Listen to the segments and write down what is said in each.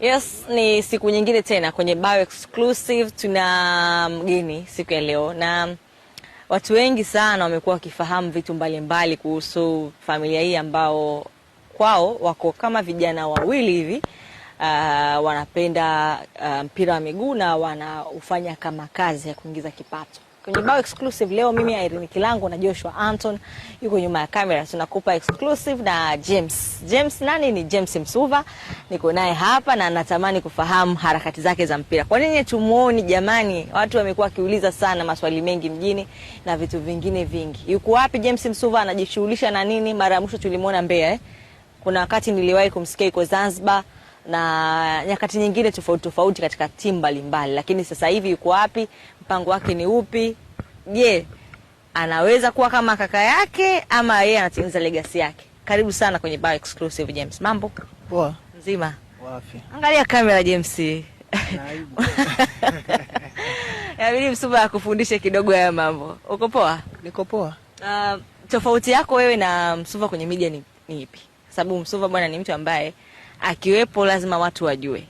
Yes, ni siku nyingine tena kwenye Bio Exclusive tuna um, mgeni siku ya leo, na um, watu wengi sana wamekuwa wakifahamu vitu mbalimbali mbali kuhusu familia hii ambao kwao wako kama vijana wawili hivi uh, wanapenda uh, mpira uh, wa miguu na wanaufanya kama kazi ya kuingiza kipato. Kwenye bao exclusive leo mimi Irene Kilango na Joshua Anton yuko nyuma ya kamera, tunakupa exclusive na James. James nani? Ni James Msuva, niko naye hapa na natamani kufahamu harakati zake za mpira. Kwa nini tumuoni jamani? Watu wamekuwa wakiuliza sana maswali mengi mjini na vitu vingine vingi. Yuko wapi James Msuva, anajishughulisha na nini? Mara ya mwisho tulimuona Mbeya eh? Kuna wakati niliwahi kumsikia yuko Zanzibar na nyakati nyingine tofauti tofauti katika timu mbalimbali, lakini sasa hivi yuko wapi? Mpango wake ni upi? Je, anaweza kuwa kama kaka yake ama yeye anatimiza legasi yake? Karibu sana kwenye Bao Exclusive James. Mambo poa? Mzima wapi? Angalia kamera James. Inabidi msuba akufundishe kidogo haya mambo. Uko poa? Niko poa. Uh, tofauti yako wewe na Msuva kwenye media ni, ni ipi? Sababu Msuva bwana ni mtu ambaye akiwepo lazima watu wajue,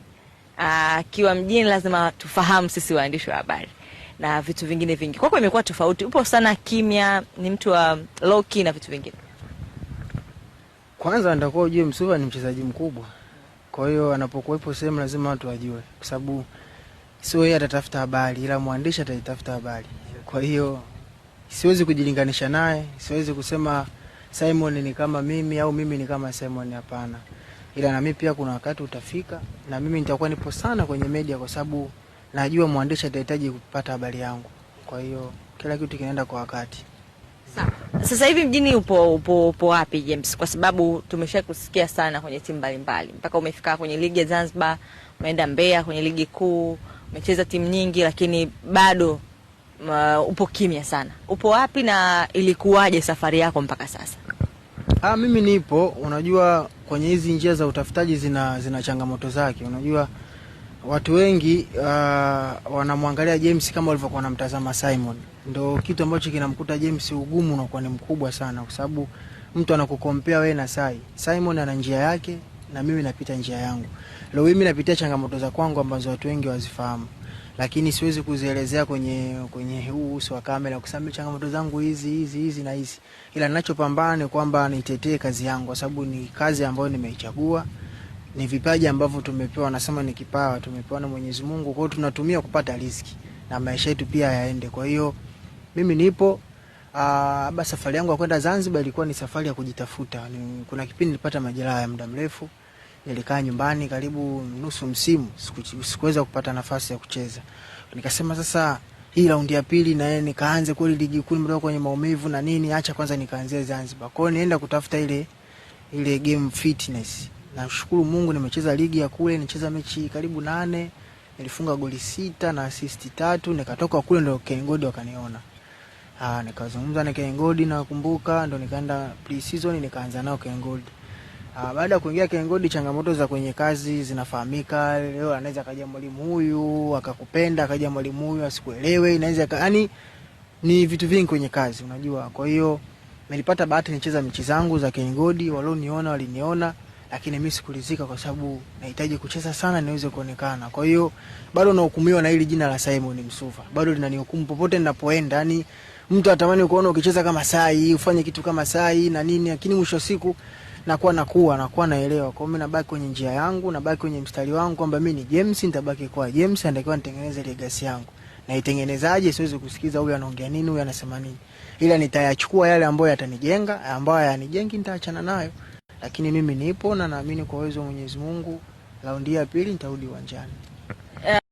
akiwa mjini lazima tufahamu sisi waandishi wa habari na vitu vingine vingi. Kwako imekuwa tofauti, upo sana kimya, ni mtu wa low key na vitu vingine? Kwanza nitakuwa ujue Msuva ni mchezaji mkubwa, kwa hiyo anapokuwepo sehemu lazima watu wajue, kwa sababu sio yeye atatafuta habari, ila mwandishi ataitafuta habari. Kwa hiyo siwezi kujilinganisha naye, siwezi kusema Simon ni kama mimi au mimi ni kama Simon. Hapana ila na mimi pia kuna wakati utafika na mimi nitakuwa nipo sana kwenye media, kwa sababu najua mwandishi atahitaji kupata habari yangu. Kwa hiyo kila kitu kinaenda kwa wakati. Sasa hivi mjini upo upo upo wapi James? Kwa sababu tumesha kusikia sana kwenye timu mbalimbali, mpaka umefika kwenye ligi ya Zanzibar, umeenda Mbeya kwenye ligi kuu, umecheza timu nyingi, lakini bado uh, upo kimya sana. Upo wapi na ilikuwaje safari yako mpaka sasa? Ah, mimi nipo. Unajua, kwenye hizi njia za utafutaji zina, zina changamoto zake. Unajua watu wengi uh, wanamwangalia James kama walivyokuwa wanamtazama Simon. Ndio kitu ambacho kinamkuta James, ugumu unakuwa ni mkubwa sana, kwa sababu mtu anakukompea wewe na Sai. Simon ana njia yake na mimi napita njia yangu. Leo mimi napitia changamoto za kwangu ambazo watu wengi wazifahamu lakini siwezi kuzielezea kwenye kwenye huu uso wa kamera, kwa sababu changamoto zangu hizi hizi hizi na hizi, ila ninachopambana ni kwamba nitetee kazi yangu, kwa sababu ni kazi ambayo nimeichagua, ni vipaji ambavyo tumepewa. Nasema ni kipawa tumepewa na Mwenyezi Mungu, kwa hiyo tunatumia kupata riziki na maisha yetu pia yaende. Kwa hiyo mimi nipo aa, safari yangu ya kwenda Zanzibar ilikuwa ni safari ya kujitafuta. Ni, kuna kipindi nilipata majeraha ya muda mrefu nilikaa nyumbani karibu nusu msimu, sikuweza kupata nafasi ya kucheza. Nikasema sasa hii raundi ya pili na nikaanze kweli ligi kuu, mdogo kwenye maumivu na nini, acha kwanza nikaanzia Zanzibar. kwao nienda kutafuta ile ile game fitness. Nashukuru Mungu nimecheza ligi ya kule, nicheza mechi karibu nane, nilifunga goli sita na asisti tatu, nikatoka kule ndo kengodi wakaniona. Ah, nikazungumza na kengodi nakumbuka, ndo nikaenda pre-season nikaanza nao kengodi Ah, baada ya kuingia Kengodi, changamoto za kwenye kazi zinafahamika. Leo anaweza kaja mwalimu huyu akakupenda, akaja mwalimu huyu asikuelewe, inaweza yaani ni vitu vingi kwenye kazi, unajua. Kwa hiyo nilipata bahati nicheza mechi zangu za Kengodi, walioniona waliniona, lakini mimi sikulizika kwa sababu nahitaji kucheza sana niweze kuonekana. Kwa hiyo bado nahukumiwa na hili jina la Simon Msuva, bado linanihukumu popote ninapoenda. Yani mtu atamani kuona ukicheza kama Sai, ufanye kitu kama Sai na nini, lakini mwisho wa siku nakuwa nakuwa nakuwa naelewa. kwao mi nabaki kwenye njia yangu, nabaki kwenye mstari wangu kwamba mi ni James, nitabaki kwa James, anatakiwa nitengeneze legasi yangu. Naitengenezaje? Siwezi kusikiza huyu anaongea nini, huyu anasema nini, ila nitayachukua yale ambayo yatanijenga, ambayo yanijengi nitaachana nayo, lakini mimi nipo na naamini kwa uwezo wa Mwenyezi Mungu, raundi ya pili nitarudi uwanjani.